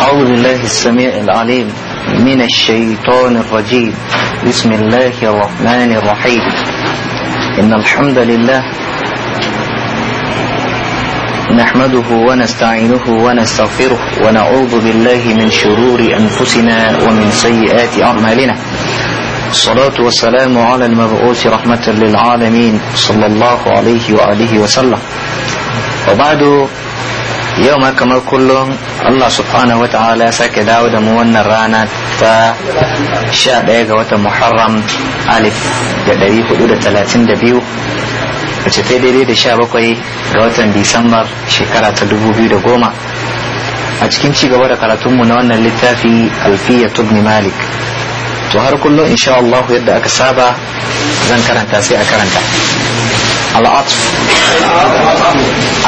أعوذ بالله السميع العليم من الشيطان الرجيم بسم الله الرحمن الرحيم إن الحمد لله نحمده ونستعينه ونستغفره ونعوذ بالله من شرور أنفسنا ومن سيئات أعمالنا الصلاة والسلام على المبعوث رحمة للعالمين صلى الله عليه وآله وسلم وبعد yau ma kamar kullum Allah subhanahu wata'ala ya sake dawo da mu wannan rana ta 11 ga watan Muharram alif da 432 wace ta daidai da 17 ga watan Disambar shekara ta 2010 a cikin ci gaba da karatunmu na wannan littafi alfiya tubni malik to har kullum insha Allah yadda aka saba zan karanta sai a karanta al'atf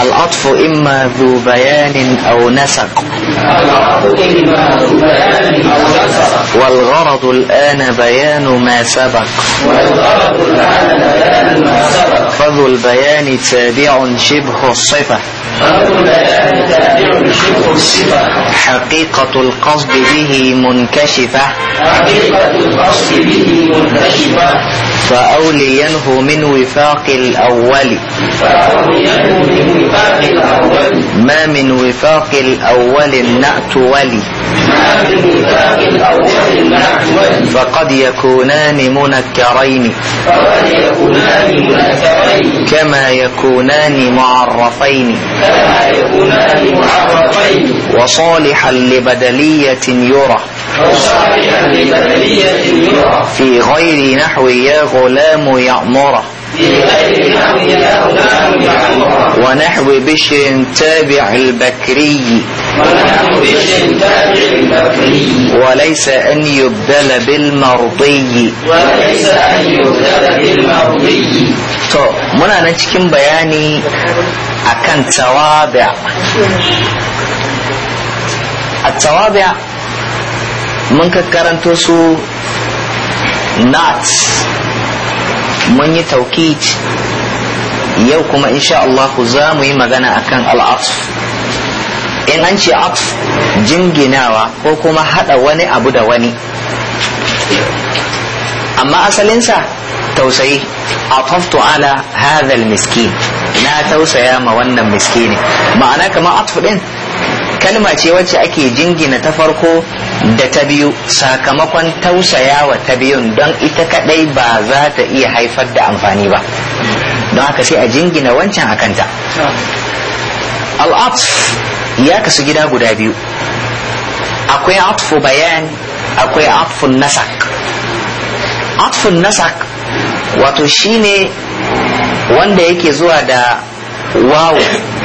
العطف إما ذو بيان أو نسق والغرض الآن بيان ما سبق فذو البيان تابع شبه الصفة حقيقة القصد به منكشفة حقيقة القصد به منكشفة فأولينه من وفاق الأول فأولينه من وفاق الأول ما من وفاق الأول نأت ولي ما من وفاق الأول نأت ولي فقد يكونان منكرين فقد يكونان منكرين كما يكونان معرفين وصالحا لبدلية يرى وصالحا لبدلية يرى في غير نحو يا غلام يأمره ونحو بشر تابع البكري وليس أن يبدل بالمرضي وليس أن يبدل بالمرضي تو منا نتكلم بياني أكن توابع التوابع من كرنتوسو ناتس mun yi taukit yau kuma insha Allah za mu yi magana akan al'atf in an ce atf jinginawa ko kuma hada wani abu da wani amma asalinsa tausayi ataftu ala hadha miskin na tausaya ma wannan miskini ma'ana kamar atf din kalma ce wacce ake jingina ta farko da ta biyu sakamakon tausayawa ta biyun don ita kadai ba za ta iya haifar da amfani ba don haka sai a jingina wancan a kanta al'atf ya kasu gida guda biyu akwai atfu bayan akwai atfu nasak atfu nasak wato shine wanda yake zuwa da waw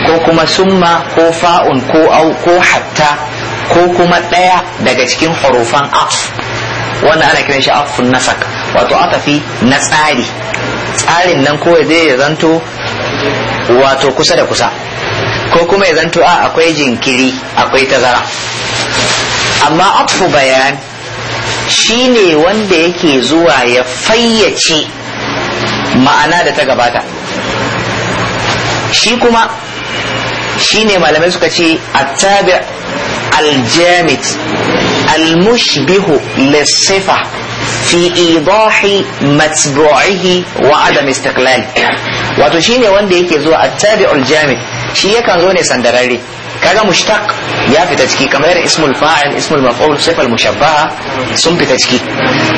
ko kuma summa ko fa'un ko au ko hatta ko kuma ɗaya daga cikin hurufan af wanda ana kiran shi afun nasak wato atafi na tsari tsarin nan ko zai ya zanto wato kusa da kusa ko kuma ya zanto a akwai jinkiri akwai tazara amma afu bayan shi ne wanda yake zuwa ya fayyace ma'ana da ta gabata shi kuma shi ne malamai suka ce tabi aljamit almushbihu lissifa fi idahi matbu'ihi wa adam istiqlal wato ne wanda yake zuwa tabi aljamit shi yakan zo ne sandararre kaga mushtaq ya fita ciki kamar yadda ismul fa'il ismul maf'ul sifal mushabbaha sun fita ciki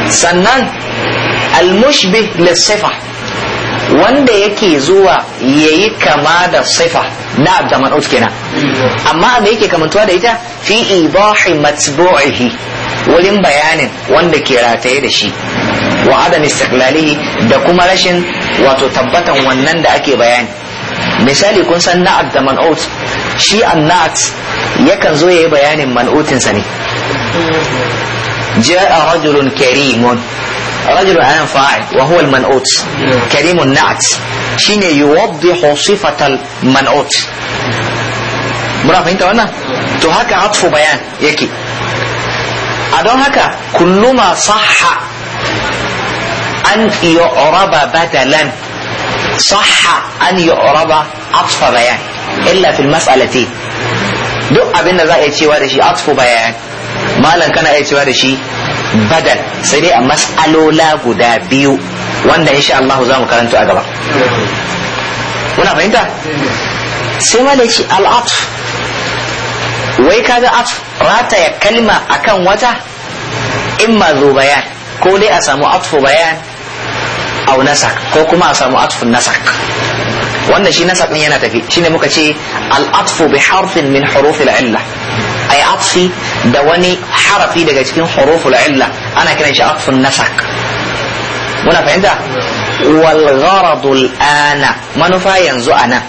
sannan almushbih lissifa wanda yake zuwa yayi kama da sifa na abd man'ut kenan amma me yake kamantuwa da ita fi ibahi matbu'ihi wurin bayanin wanda ke rataye da shi wa adam istiklalihi da kuma rashin wato tabbatan wannan da ake bayani misali kun san na'at da man'ut shi an na'at yakan zo ya yi bayanin man'utinsa ne ja'a rajulun karimun رجل عين فاعل وهو المنعوت كريم النعت شين يوضح صفة المنعوت مرافق انت وانا تو هكا عطف بيان يكي ادو هكا كل ما صح ان يعرب بدلا صح ان يعرب عطف بيان الا في المسألة دو ابن ذا يتشي ورشي عطف بيان مالا كان يتشي ورشي badal sai dai a mas'alola guda biyu wanda insha Allah za mu karanto a gaba muna fahimta sai ma shi al'af wai kaga af rataya kalma akan wata imma zo bayan ko dai a samu atfu bayan au nasak ko kuma a samu atfu nasak wannan shi nasab yana tafi shine muka ce al-atfu bi harfin min huruf al-illa ay atfi da wani harafi daga cikin huruf illa ana kiran shi atfun nasak muna fahimta wal ana manufa yanzu anan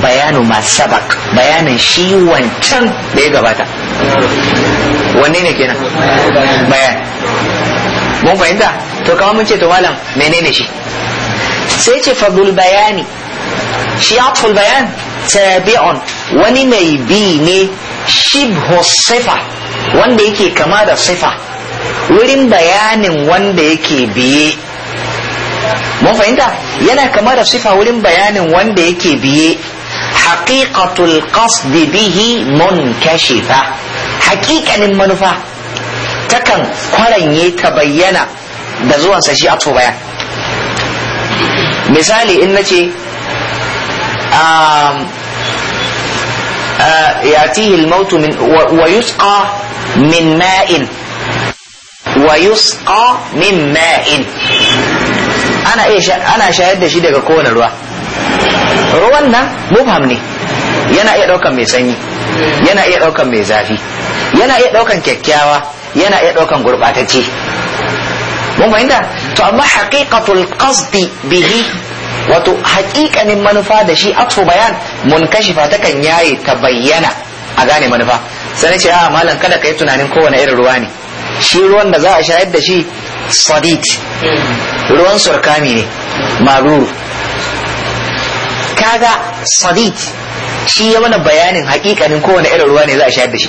bayanu ma sabak bayanin shi wancan da ya gabata wanne ne kenan bayan mun fahimta to kawai mun ce to malam menene shi sai ce fadul bayani shi bayan tabi'un wani mai bi ne shibhu sifa wanda yake kama da sifa wurin bayanin wanda yake biye mun fahimta yana kama da sifa wurin bayanin wanda yake biye haqiqatul qasdi bihi munkashifa haƙiƙanin manufa takan kwaranye ta bayyana da zuwansa shi atful bayan misali in nace يأتيه الموت من ويسقى من ماء ويسقى من ماء أنا إيه أنا شاهد شيء daga kowane ruwa ruwan nan mubham ne yana iya ɗaukan mai sanyi yana iya ɗaukan mai zafi yana iya ɗaukan kyakkyawa yana iya ɗaukan gurɓatacce mun fahimta to amma haqiqatul qasdi bihi wato haƙiƙanin manufa da shi atfu bayan munkashifa kan yaye ta bayyana a gane manufa sai ce a malam kada ka yi tunanin kowane irin ruwa ne shi ruwan da za a shayar da shi sadit ruwan surkami ne maruru kaga sadit shi ya mana bayanin haƙiƙanin kowane irin ruwa ne za a shayar da shi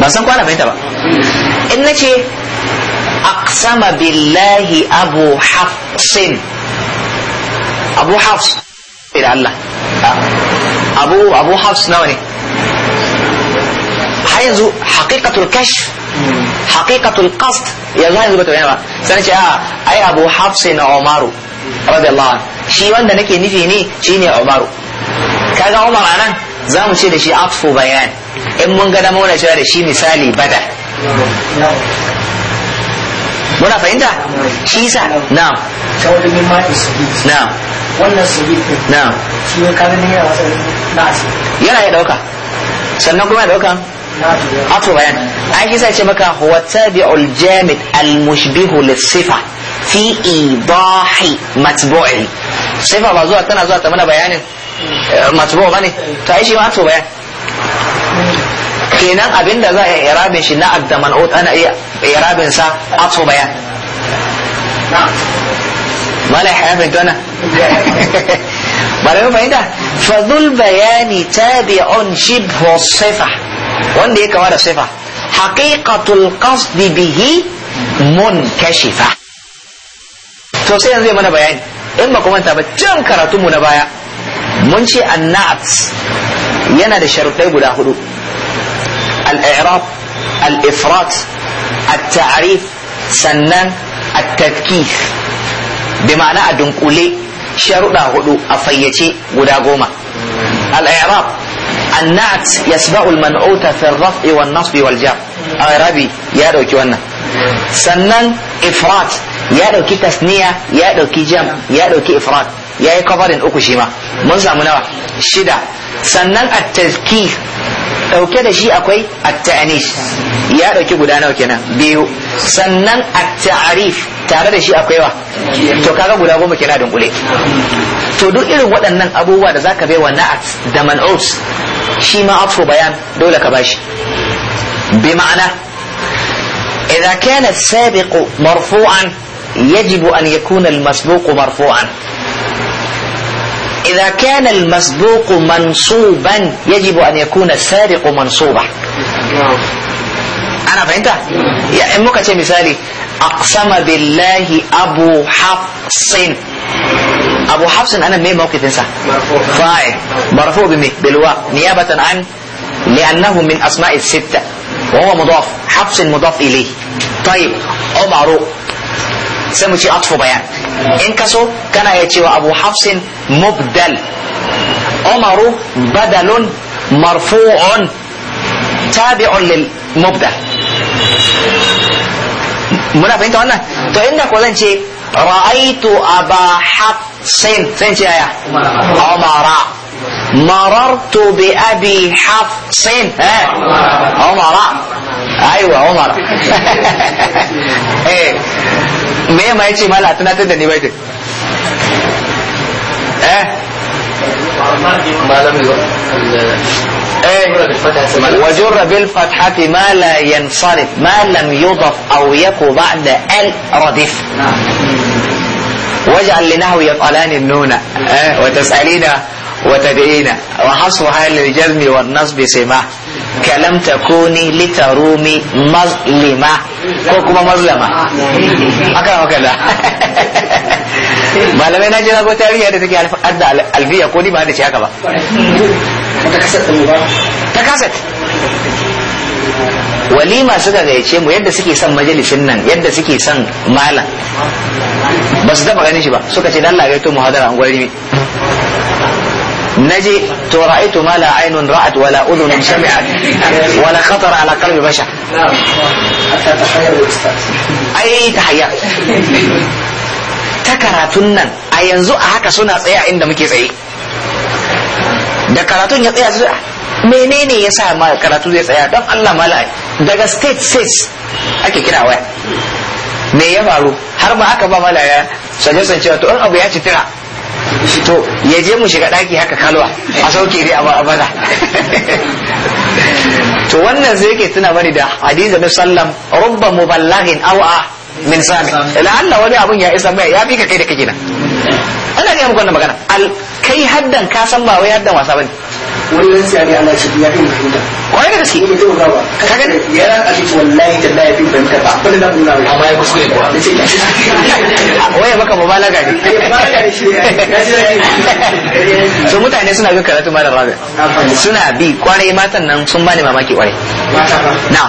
ban san kwana fahimta ba in na ce أقسم بالله أبو حفص أبو حفص إلى الله أبو أبو حفص نوني حيث حقيقة الكشف حقيقة القصد يا الله يزبط يظهر بتبعنا سنة أي أبو حفص عمر رضي الله عنه شيء وند نكي نفي ني شيني عمر كذا عمر أنا زامو شي شيء عطف بيان إن من قدمونا شواري شيء مثالي بدأ muna fahimta shi yasa na. ta wani mati ma Na. wannan sabit Na. shi ne ne yana wasa na yana ya dauka sannan kuma ya dauka ato bayan an shi sai ce maka huwa tabi'ul jamid al mushbihu lis-sifa fi idahi matbu'i sifa ba zuwa tana zuwa ta mana bayanin eh, matbu bane to ai shi ma ato bayan kenan abinda za a irabin shi na adda man'ut ana iya irabin sa atfu bayan mala ya fahimta wannan malamin fahimta fadul bayani tabi'un shibhu sifa wanda ya kama da sifa haqiqatul qasd bihi munkashifa to sai yanzu mana bayani in ba kuma ta ba can karatu mu na baya mun ce annat yana da sharuɗai guda hudu الإعراب الإفراط التعريف سنن التذكيف بمعنى أدنقلي شرط هدو أفيتي وداغوما الإعراب النعت يسبع المنعوت في الرفع والنصب والجر إعرابي يا دوكي wannan sannan ifrat ya dauki tasniya ya dauki jam ya dauki ifrat ya yi kafarin uku shi ma mun samu nawa shida sannan at-tazkif dauke da shi akwai at-ta'nis ya dauki guda nawa kenan biyu sannan at-ta'rif tare da shi akwai wa to kaga guda goma kenan don kule to duk irin waɗannan abubuwa da zaka bai wannan at da man'us shi ma atfu bayan dole ka bashi bi ma'ana idza kana sabiqu marfu'an yajibu an yakuna al-masbuqu marfu'an إذا كان المسبوق منصوبا يجب أن يكون السارق منصوبا أنا فهمت؟ يا أمك تشي مثالي أقسم بالله أبو حفص أبو حفص أنا مين موقف إنسان فاعل مرفوع بمي بالواء نيابة عن لأنه من أسماء الستة وهو مضاف حفص مضاف إليه طيب أو معروف sai mu ce atfu bayan in kaso kana ya cewa abu hafsin mubdal umaru badalun marfu'un tabi'un lil mubdal muna fahimta wannan to inda ko zan ce ra'aitu aba hafsin sai ce yaya umara مررت بأبي حفص ها عمر أيوة عمر إيه me ma yace mala a tunatar da bai din eh وجر بالفتحة ما لا ينصرف ما لم يضف أو يكو بعد ال ردف واجعل لنهو يفعلان النون وتسألين وتدعينا وحصو حال الجزم والنصب سما كلم تكوني لترومي مظلمة كوكما مظلمة أكرمك الله malamai na jira ko tarihi da take adda alfiya ko ni ba da shi haka ba walima suka gayyace mu yadda suke son majalisin nan yadda suke son malam ba su taba ganin shi ba suka ce dan lagaito mu hadara an gwari نجي رأيت ما لا عين رأت ولا أذن سمعت ولا خطر على قلب بشر أي تحيا ta karatun nan a yanzu a haka suna tsaya inda muke tsaye da karatun ya tsaya su menene ya sa ma karatu zai tsaya don Allah mala'ai daga state states ake kira waya me ya faru har ma aka ba mala'ai sanye san cewa to in abu ya ci tira to ya je mu shiga ɗaki haka kalwa a sauke dai a bada to wannan zai ke tuna bani da hadiza na sallam rubba muballighin aw'a min sami la'alla wani abun ya isa mai ya fi ka kai da kake nan ana ga muku wannan magana al kai haddan ka san ba wai haddan wasa bane wani nan sai ga Allah shi ya fi fahimta kwai da gaske ne to gawa ka ga ya a ce wallahi da Allah ya fi fahimta ba abin da nuna mai amma ya kuskure kuwa da ce waye maka mubalaga ne eh, mubalaga ne shi so mutane suna bin karatu malam rabi suna bi kwarai matan nan sun bani mamaki kwarai na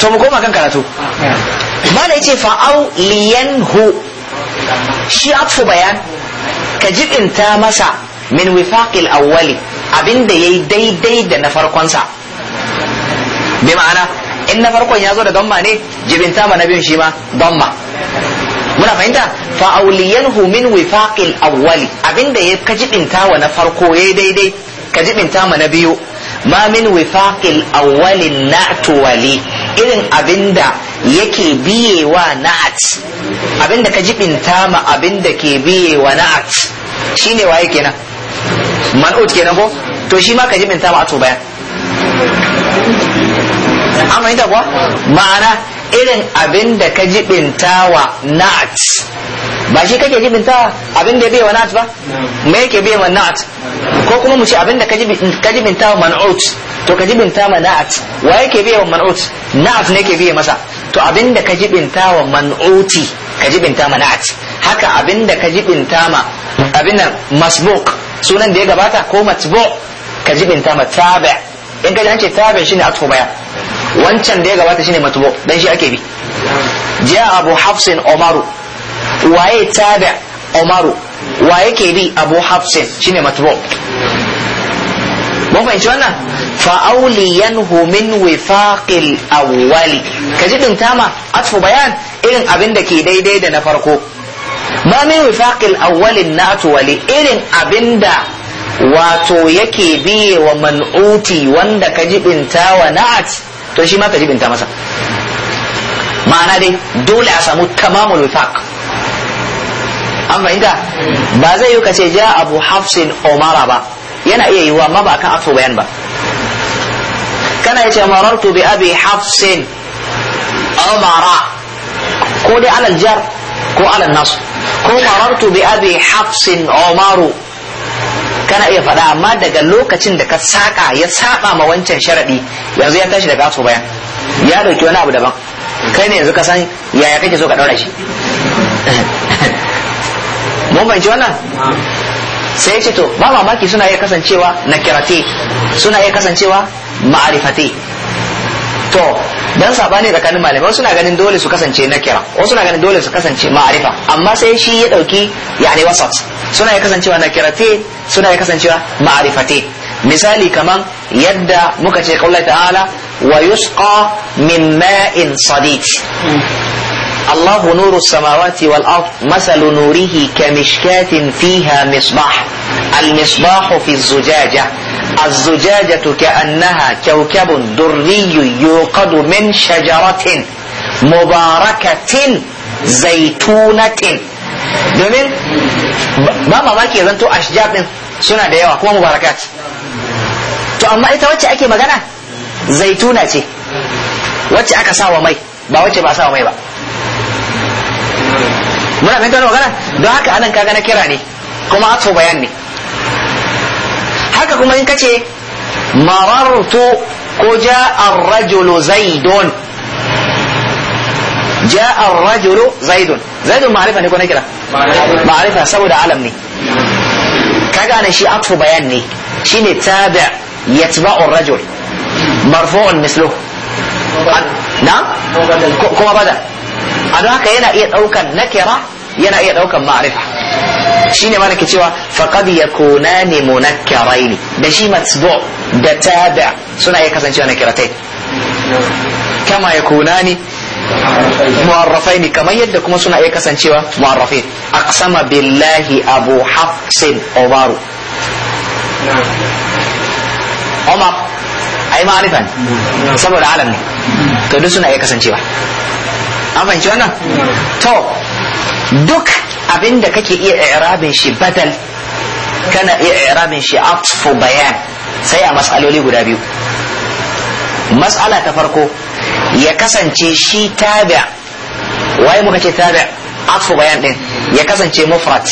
to mu koma kan karatu mala yace fa'au liyanhu shi afu bayan ka ta masa min wifaqil awwali Abin abinda yi daidai da na farkonsa bi ma'ana in na farkon ya zo da gamma ne jibinta ma na biyun shi ma gamma muna fahimta fa humin min wifaqil awwali abinda ya ka jibinta wa na farko ya yi daidai ka jibinta ma na biyu ma min wifaqil awwali na'tu wali irin abinda yake biyewa na'at abinda ka jibinta ma abinda ke biyewa na'at shine waye kenan man'ut kenan ko to shi ma ka jiminta ba a to bayan an fahimta kuwa ma'ana irin abin da ka jibinta wa na'at ba shi kake jibinta abin da bai wa na'at ba me yake bai wa na'at ko kuma mu ce abin da ka jibinta wa man'ut to ka jibinta ma na'at wa yake bai wa man'ut na'at ne yake bai masa to abin da ka jibinta wa man'uti ka jibinta ma na'at haka abin da ka jibinta ma abin nan masbuk sunan da ya gabata ko matbu ka jibinta matabi in ka ji an ce tabi shine atfu bayan wancan da ya gabata shine matbu dan shi ake bi ja abu hafsin umaru waye tabi umaru waye ke bi abu hafsin shine matbu mun fahimci wannan fa'auliyanhu min wifaqil awwali ka ji din tama atfu bayan irin abin da ke daidai da na farko ma mai wifaqil awwalin na wali irin abinda wato yake biye wa man'uti wanda ka jibinta wa na'at to shi ma ka jibinta masa ma'ana dai dole a samu tamamul wifaq an fahimta ba zai yi kace ja abu hafsin umara ba yana iya yiwa ma ba kan afu bayan ba kana yace marartu bi abi hafsin umara ko dai alal jar ko alan nasu ko marartu bi abi hafsin umaru kana iya faɗa amma daga lokacin da ka saka ya saba ma wancan sharadi yanzu ya tashi daga aso bayan ya dauki wani abu daban kai ne yanzu ka san yaya kake so ka daura shi mun fahimci wannan sai ya ce to ba mamaki suna iya kasancewa nakirati suna iya kasancewa ma'arifate to dan sabani tsakanin malamai suna ganin dole su kasance nakira wasu suna ganin dole su kasance ma'arifa amma sai shi ya dauki yani wasat suna ya kasancewa nakirate suna ya kasancewa ma'arifate misali kaman yadda muka ce kaula ta'ala wa yusqa min ma'in sadid الله نور السماوات والأرض مثل نوره كمشكاة فيها مصباح المصباح في الزجاجة الزجاجة كأنها كوكب دري يوقد من شجرة مباركة زيتونة دومين ما ما ماكي زنتو أشجاب سنة ديوة كما مباركات تو أما إتا وچه أكي مغانا زيتونة تي وچه أكا ساوا مي با وچه با ساوا مي با muna fahimta wani magana don haka anan kaga na kira ne kuma atso bayan ne haka kuma in kace marartu ko ja ar-rajulu zaidun ja ar-rajulu zaidun zaidun ma'rifa ne ko na kira ma'rifa saboda alam ne kaga ne shi atfu bayan ne shine tabi yatba'u ar-rajul marfu'un misluhu na'am kuma bada a don haka yana iya daukan nakira yana iya daukan ma'rifa ne mana ke cewa faqad yakunani munakkaraini da shi matbu da tabi suna iya kasancewa na kiratai kama yakunani mu'arrafaini kamar yadda kuma suna iya kasancewa mu'arrafin aqsama billahi abu hafsin obaru Omar ai ma'arifa ne saboda alam ne to duk suna iya kasancewa an fahimci wannan to duk Abin da kake iya i'rabin shi badal kana iya i'rabin shi atfu bayan sai a mas'aloli guda biyu mas'ala ta farko ya kasance shi tabi'a waye muka ce tabi'a atfu bayan din ya kasance mufrad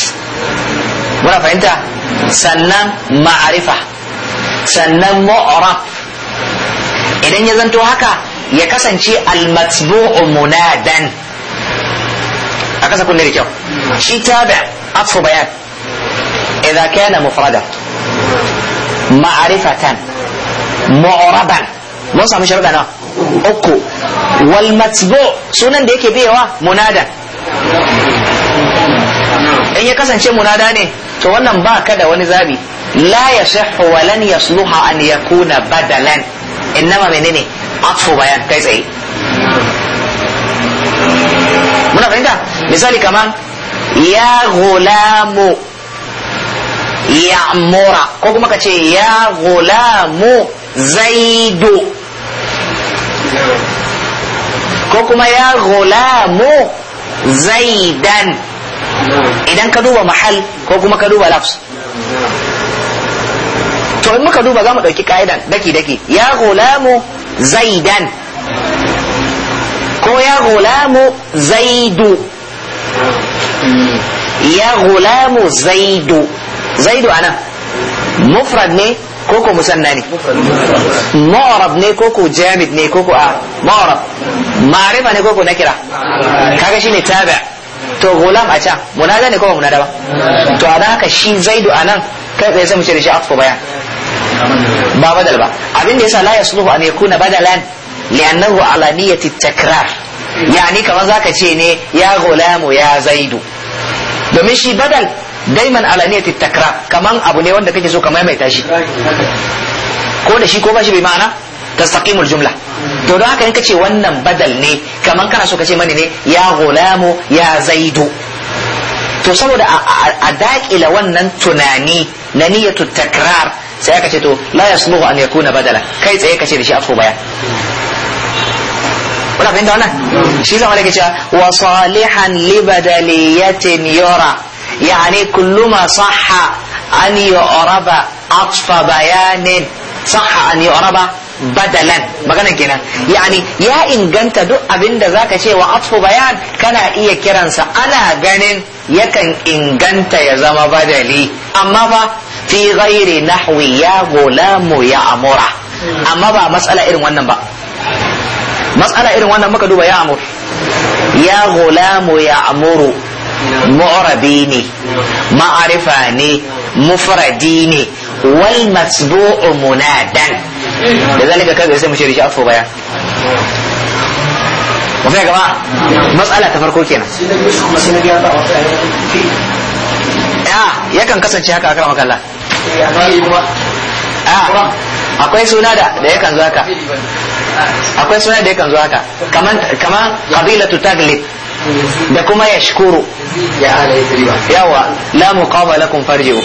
muna fahimta sannan ma'arifa sannan mu'raf idan ya zanto haka ya kasance al-matbu'u munadan a kasa kunne da kyau shi tabi atfu bayan idza kana mufrada ma'rifatan mu'raban mun samu sharuda na uku wal matbu sunan da yake biyawa munada in ya kasance munada ne to wannan ba ka da wani zabi la yasihhu wa lan yasluha an yakuna badalan ma menene atfu bayan kai tsaye muna fahimta misali kama ya gulamu ya mura ko kuma ka ce ya gulamu zaidu ko kuma ya gulamu zaidan idan ka duba mahal ko kuma ka duba lafs to in muka duba za mu ɗauki ka'idan daki daki ya gulamu zaidan ko ya gulamu zaidu ya gulamu zaidu zaidu ana mufrad ne koko musanna ne mu'rab ne koko jamid ne koko a mu'rab ma'rifa ne koko nakira kaga shine tabi' to gulam a can munada ne ko munada ba to a haka shi zaidu anan kai sai mu ce da shi atfu bayan ba badal ba abin da yasa la yasluhu an yakuna badalan li'annahu alaniyati takrar yani kamar zaka ce ne ya gulamu ya zaidu domin shi badal daiman alaniyati takrar kaman abu ne wanda kake so ka maimaita shi ko da shi ko ba shi bai ma'ana tastaqimul jumla to don haka in kace wannan badal ne kaman kana so kace mani ne ya gulamu ya zaidu to saboda a daƙila wannan tunani na niyyatu takrar sai aka ce to la yasluhu an yakuna badala kai tsaye kace da shi afko baya Wala fahimta wannan shi zama da cewa wa salihan li badaliyatin yura yani kullu ma sahha an yu'raba atfa bayanin sahha an yu'raba badalan magana kenan yani ya inganta duk abinda zaka ce wa atfu bayan kana iya kiransa ana ganin yakan inganta ya zama badali amma ba fi ghairi nahwi ya gulamu ya amura amma ba matsala irin wannan ba matsala irin wannan muka duba ya amur ya gulamu ya amuru mu'rabi ne ma'arifa ne mufradi ne wal masbu'u munadan da ga kaga sai mu ce shi afo baya mu sai gaba matsala ta farko kenan ya ah, yakan kasance haka akan makalla a akwai suna da da yakan zo haka akwai suna da yakan zo haka kaman kaman qabilatu taglib da kuma ya shukuru yawa la muqama lakum farji'u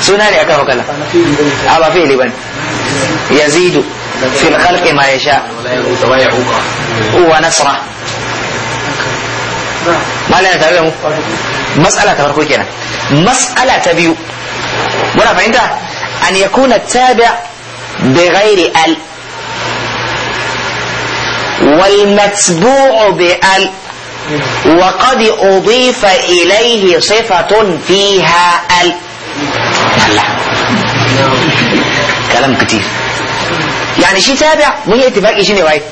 suna ne akan wakala a ba fi'li bane yazidu fil khalqi ma yasha wa nasra malaya tare da mu mas'ala ta farko kenan mas'ala ta biyu muna fahimta أن يكون التابع بغير ال والمتبوع بال وقد أضيف إليه صفة فيها ال كلام كتير يعني شيء تابع مهي اتفاق شيء نوايت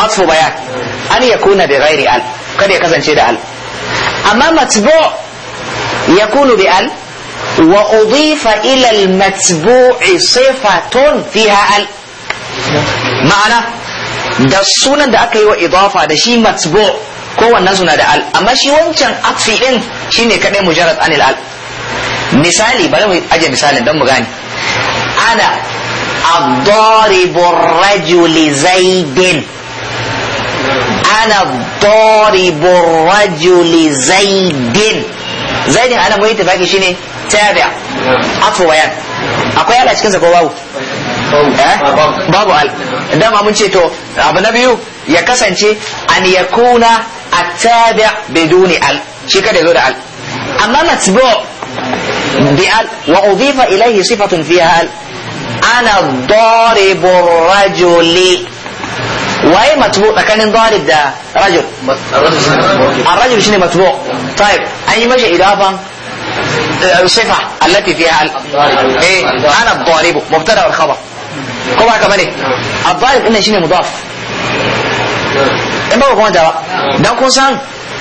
أطفو بيان أن يكون بغير ال قد يكزن شيء ال أما متبوع يكون بال وأضيف إلى المتبوع صفة فيها ال معنى دا السنة ده أكي وإضافة ده شيء متبوع كو الناس دا ال أما شي وانشان أطفي إن شيء نكده مجرد عن الأل مثالي بلو أجل مثالي ده مغاني أنا الضارب الرجل زيد أنا الضارب الرجل زيد زيد أنا مهيت باكي شيني tabi'a afu wayan akwai ala cikin sa ko babu eh? babu al Idan ma mun ce to abu na biyu ya kasance an yakuna at-tabi' biduni al shi kada zo da al amma matbu' bi al wa udhifa ilayhi sifatun fiha al ana daribu rajuli waye matbu tsakanin darib da rajul ar-rajul shine matbu طيب an yi mashi idafan الصفة التي فيها ال... ايه انا الضارب مبتدا والخبر كوبا كمان ايه الضارب ان shine mudaf in ba kuma da dan kun san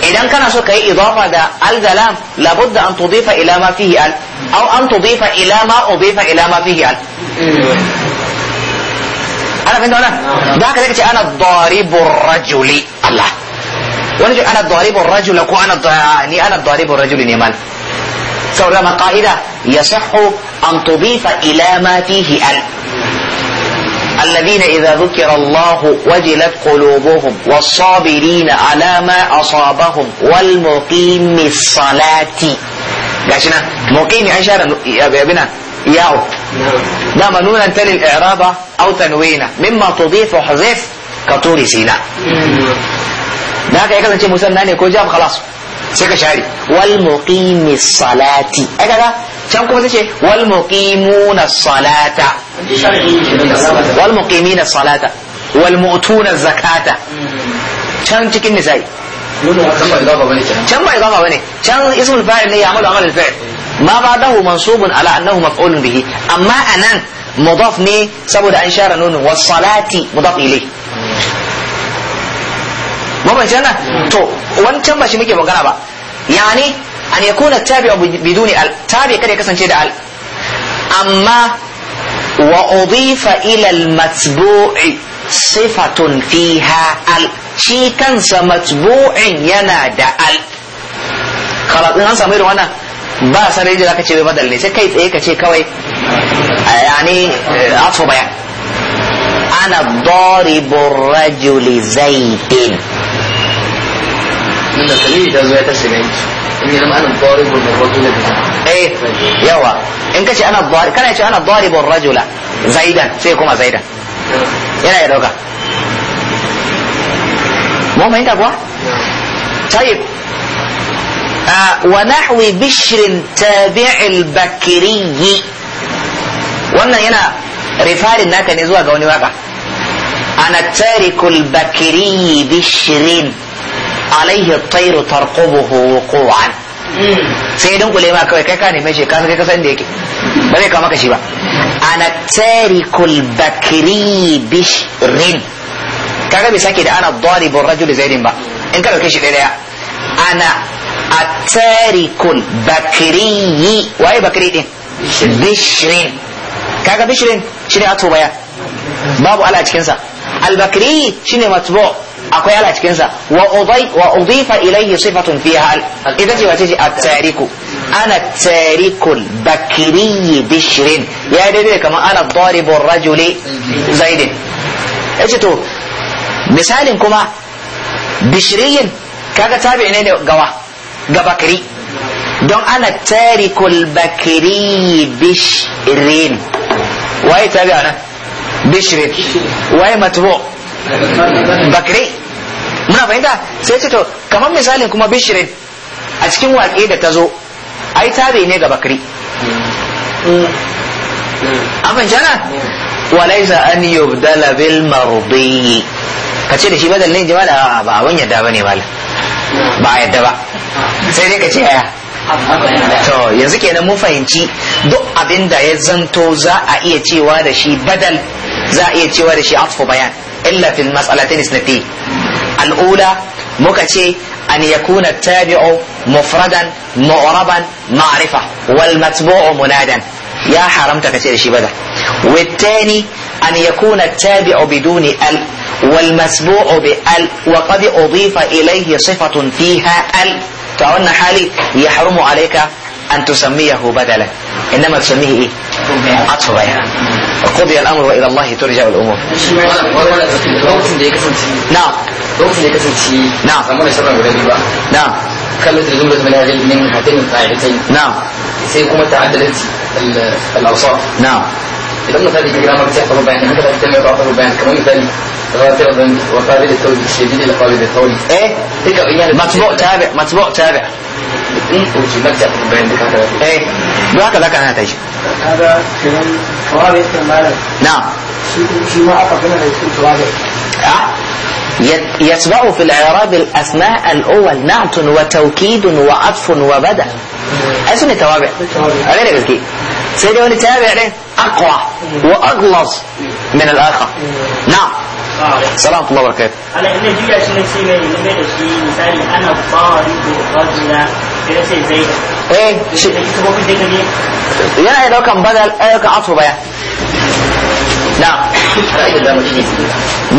idan kana so kai idafa da al da lam labudda an tudifa ila ma fihi al aw an tudifa ila ma udifa ila ma fihi al ana fahimta wannan da haka zai ce ana daribur rajuli Allah wani ana daribur rajula ko ana ni ana daribur rajuli ne mal حتى علماء قائلة يصح أن تضيف إلى ما فيه أل الذين إذا ذكر الله وجلت قلوبهم والصابرين على ما أصابهم والمقيم الصلاة قاشنا مقيم عشر يا بنا ياو ده منونا تل الإعراب أو تنوين مما تضيف وحذف كطور سيناء ده كده كده مسلم ناني جاب خلاص sai ka share wal muqimi salati ai kaga can kuma sace wal muqimuna salata wal muqimina salata wal mu'tuna zakata can cikin nisa'i can ba idafa bane can ismul fa'il ne ya'malu amal al-fi'l ma ba'dahu mansubun ala annahu maf'ulun bihi amma anan mudaf ne saboda an share nunun was salati mudaf ilayh mabanci wannan to wancan ba shi muke magana ba yani an yakuna tabi biduni al tabi kada ya kasance da al amma wa udifa ila al matbu'i sifatun fiha al shi kansa matbu'in yana da al kala an samu irin wannan ba sarai da zaka ce bai badal ne sai kai tsaye ka ce kawai yani eh, atfu bayan ana daribur rajuli mun da kalli da zuwa ta in yi zama ana baribun rajula da eh yawa in ka ana bari kana ce ana baribun rajula zaidan sai kuma zaidan yana ya mu mai kuwa tayib ah, wa nahwi bishrin tabi'il bakiriyyi wannan yana rifarin naka ne zuwa ga wani waka ana tariku al-bakiri bishrin alaihi tairu tarqubuhu wuqu'an sai dan kulema kawai kai ka neme shi ka kai kasan da yake ba zai kama kashi ba ana tarikul bakri bishrin ga bai sake da ana daribu rajul zaidin ba in ka dauke shi daya daya ana atarikul bakri waye bakri din bishrin ga bishrin shine ato babu ala cikin sa albakri shine matubo. akwai ala a cikin sa wa uday wa udifa ilayhi sifatun fiha al ita ce wace ce at-tariku ana tarikul bakiri bishrin ya daidai kamar ana daribur rajuli zaidin yace to misalin kuma bishiriyin kaga tabi ne gawa ga bakiri don ana tarikul bakiri bishirin waye tabi ana bishirin waye matbu bakiri muna fahimta sai ce to kamar misalin kuma bishirin a cikin waƙe da ta zo ai tare ne ga bakri abin jana walaisa an yubdala bil marubi ka ce da shi badal ne jama'a da ba abin yadda bane malam ba a yadda ba sai dai ka ce yaya to yanzu kenan mun fahimci duk abin da ya zanto za a iya cewa da shi badal za a iya cewa da shi atfu bayan illa fil mas'alatin isnati الأولى مكتي أن يكون التابع مفردا معربا معرفة والمتبوع منادا يا حرام تكتير شي بدا والثاني أن يكون التابع بدون ال والمسبوع بال وقد أضيف إليه صفة فيها ال فأن حالي يحرم عليك أن تسميه بدلا إنما تسميه إيه؟ أطفال قضي الامر والى الله ترجع الامور نعم lokacin da ya kasance na samu da shirin guda ba na kallon da zumbar zumbar yajin min hatin ta'itai na sai kuma ta'addalanci al-awsaf na لما ذلك جرامة تحت ربع يعني هكذا تتم تعطى كمان ذلك غافر ذنب وقابل التوبة الشديد لقابل التوبة ايه مطبوع تابع مطبوع تابع ايه ذاك ذاك انا تعيش هذا كلام فوارق نعم شيء ما اعتقدنا يكون فوارق يتبع في العراب الأسماء الأول نعت وتوكيد وعطف وبدأ أسمي توابع غير بسكي sai dai wani tabi din Akwa wa aghlaz min al-akhar na'am salamu kuma barkai ala inna juya shi ne shi ne ne da shi misali ana bawari ko rajula sai sai zai eh shi yana iya daukan badal ayyukan asu baya Na.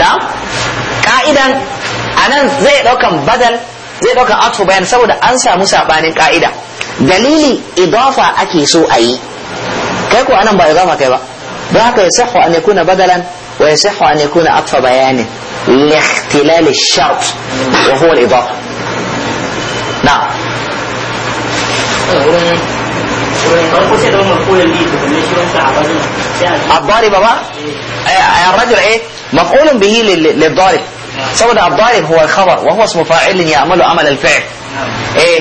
Na. ka'idan anan zai daukan badal zai daukan asu bayan saboda an samu sabanin ka'ida dalili idafa ake so a yi kai ko anan ba idama kai ba don haka ya sahu an yakuna badalan wa ya sahu an yakuna atfa لاختلال الشرط وهو الإضافة نعم الضارب بقى الرجل ايه مفعول به للضارب نعم. سبب الضارب هو الخبر وهو اسم فاعل يعمل عمل الفعل نعم. ايه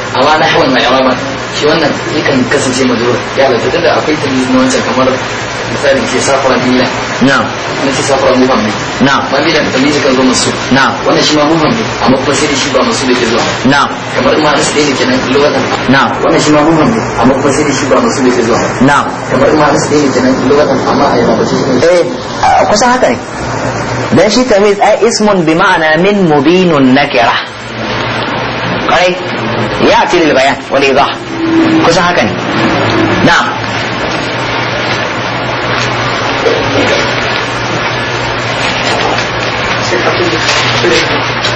amma na hawan mai amma shi wannan yakan kasance majura ya halatta da akwai tarihi na wancan kamar misalin ke safa nila na'am na ke safa mu bamme na'am ba bila da miji kan zo musu na'am wannan shi ma mu bamme amma kuma sai shi ba musu da ke zuwa na'am kamar ma da sai ne kenan kullu wannan na'am wannan shi ma mu bamme amma kuma sai shi ba musu da ke zuwa na'am kamar ma da sai ne kenan kullu wannan amma a yana bace eh kusan haka ne dan shi tamiz ai ismun bi ma'ana min mubinun nakira kai يأتي للبيان والإيضاح كسحكني نعم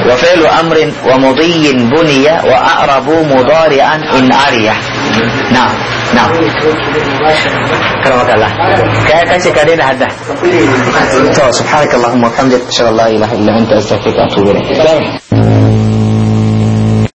وفعل أمر ومضي بني واقرب مضارعا إن أري نعم نعم كرمك الله كيف كشكرين هذا سبحانك اللهم وبحمدك أشهد أن لا إله إلا أنت أستغفرك وأتوب إليك